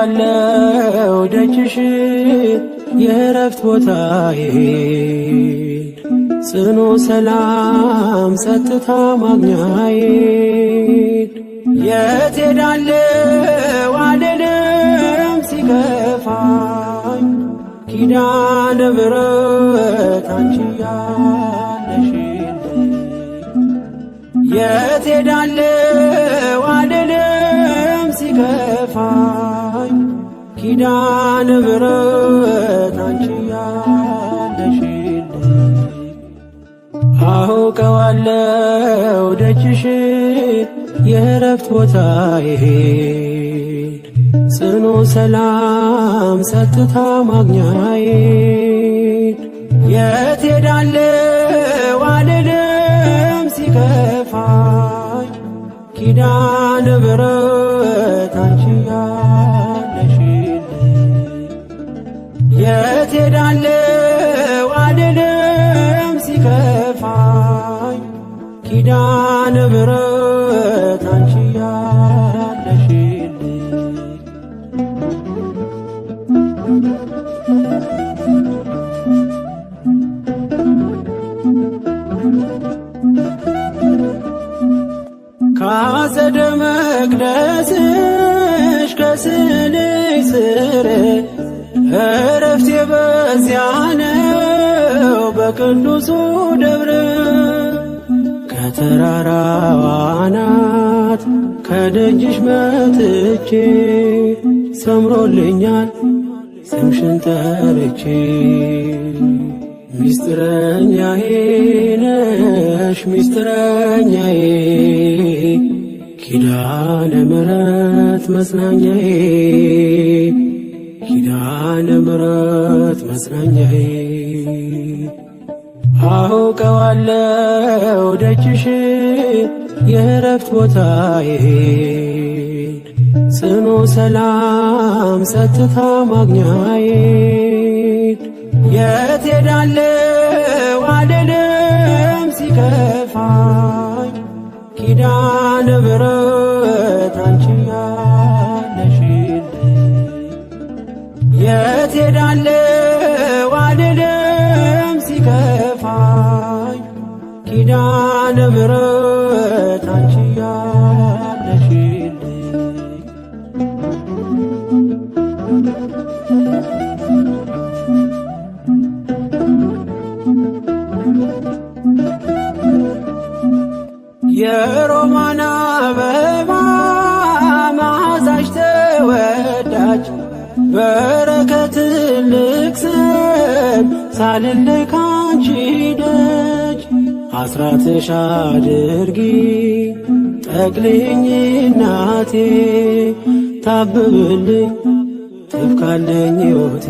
ባለው ደጅሽ የእረፍት ቦታዬ ጽኑ ሰላም ጸጥታ ማግኛዬ የት ሄዳለው አልልም ሲከፋኝ ኪዳነ ምሕረት አንቺ ያለሽልኝ የት አልልም ሲከፋኝ ኪዳነ ምሕረት አንቺ ያለሽልኝ አውቀዋለው ደጅሽን የእረፍት ቦታዬን ጽኑ ሰላም ጸጥታ ማግኛዬን የት ሄዳለው አልልም ሲከፋኝ ኪዳነ ምሕረት አንቺ እሄዳለው አልልም ሲከፋኝ ኪዳነ ምሕረት አንቺ ያለሽልኝ ካጸደ መቅደስሽ ከስልሽ ስር በዚያ ነው በቅዱሱ ደብረ ከተራራዋ አናት ከደጅሽ መጥቼ ሰምሮልኛል ስምሽን ጠርቼ ሚስጥረኛዬ ነሽ ሚስጥረኛዬ ኪዳነ ምሕረት መጽናኛዬ ኪዳነ ምሕረት መጽናኛዬ አውቀዋለሁ ደጅሽ የእረፍት ቦታዬ ጽኑ ሰላም ጸጥታ ማግኛዬ ደብረት አንቺ ያለሽልኝ አበባ ተወዳጅ በረከት አስራትሽ አድርጊ ጠቅልኝ እናቴ ታብብልኝ ትብካለኝ ሕይወቴ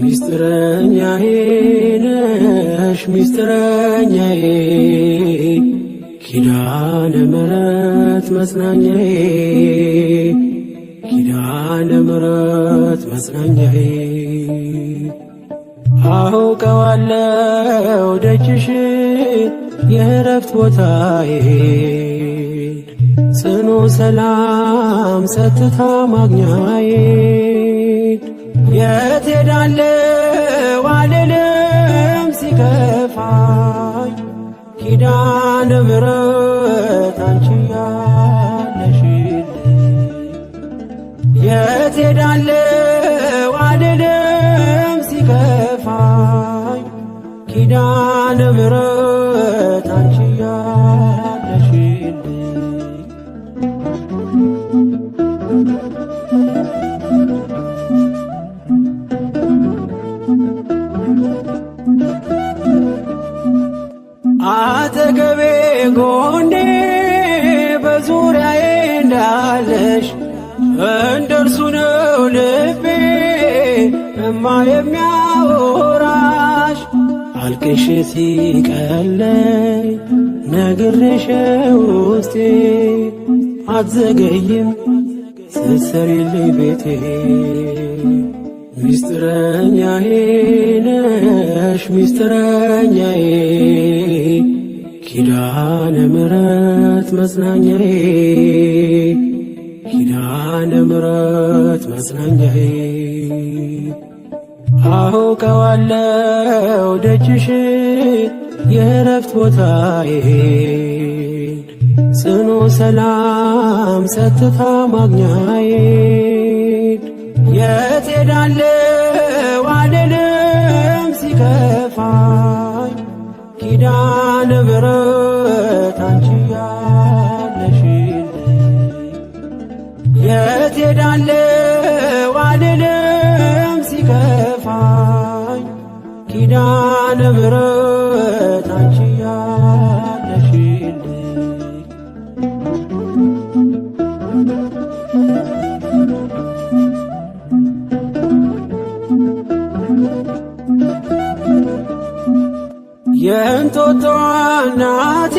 ሚስጥረኛዬ ነሽ ሚስጥረኛዬ ኪዳነ ምሕረት መጽናኛዬ ኪዳነ ምሕረት መጽናኛዬ አውቀዋለው ደጅሽ የእረፍት ቦታዬ ጽኑ ሰላም ጸጥታ ማግኛዬ የት ሄዳለሁ እርሱ ነው ልቤ እማ የሚያወራሽ አልቅሽ ሲቀለይ ነግርሽ ውስጤ አትዘገይም ስትሰሪልኝ ቤቴ ሚስጥረኛዬ ነሽ ሚስጥረኛዬ ኪዳነ ምሕረት መጽናኛዬ ኪዳነ ምሕረት መጽናኛዬ አውቀዋለሁ ደጅሽ የእረፍት ቦታዬ ጽኑ ሰላም ጸጥታ ማግኛዬ የት ሄዳለሁ አልልም ሲከፋኝ ኪዳነ ምሕረት ኪዳነ ምሕረት አንቺ ያለሽልኝ የእንጦጦ እናቴ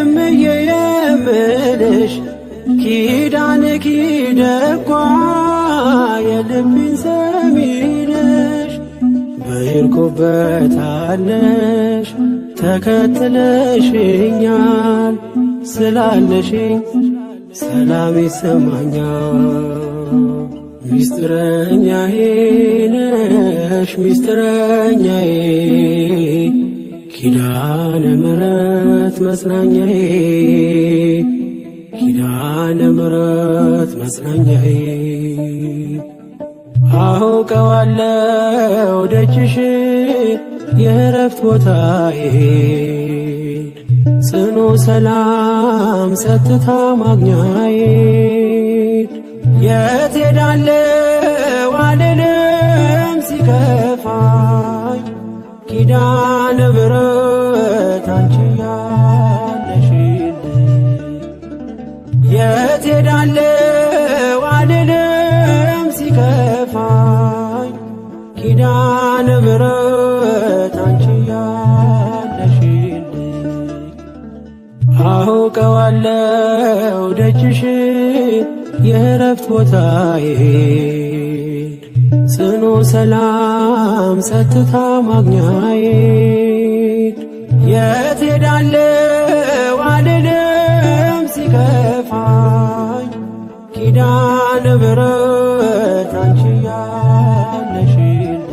እምዬ የምልሽ ኪዳን ኪደኳ ሄድኩበታለሽ ተከትለሽኛል ስላለሽ ሰላም ይሰማኛል። ሚስጥረኛዬ ነሽ ሚስጥረኛዬ ኪዳነ ምሕረት መጽናኛዬ ኪዳነ ምሕረት መጽናኛዬ አውቀዋለው ደጅሽ የእረፍት ቦታዬ ጽኑ ሰላም ጸጥታ ማግኛዬ የት ሄዳለሁ አልልም ሲከፋኝ ኪዳነ ምሕረት አንቺ ያለሽልኝ የት ሄዳለሁ አልልም ሲከፋኝ ኪዳነ ምሕረት አደርገዋለው ደጅሽ የእረፍት ቦታዬ ጽኑ ሰላም ጸጥታ ማግኛዬ የት ሄዳለው አልልም ሲከፋኝ ኪዳነ ምሕረት አንቺ ያለሽልኝ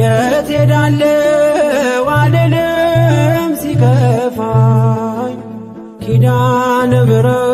የት ሄዳለው አልልም ኪዳነ ምሕረት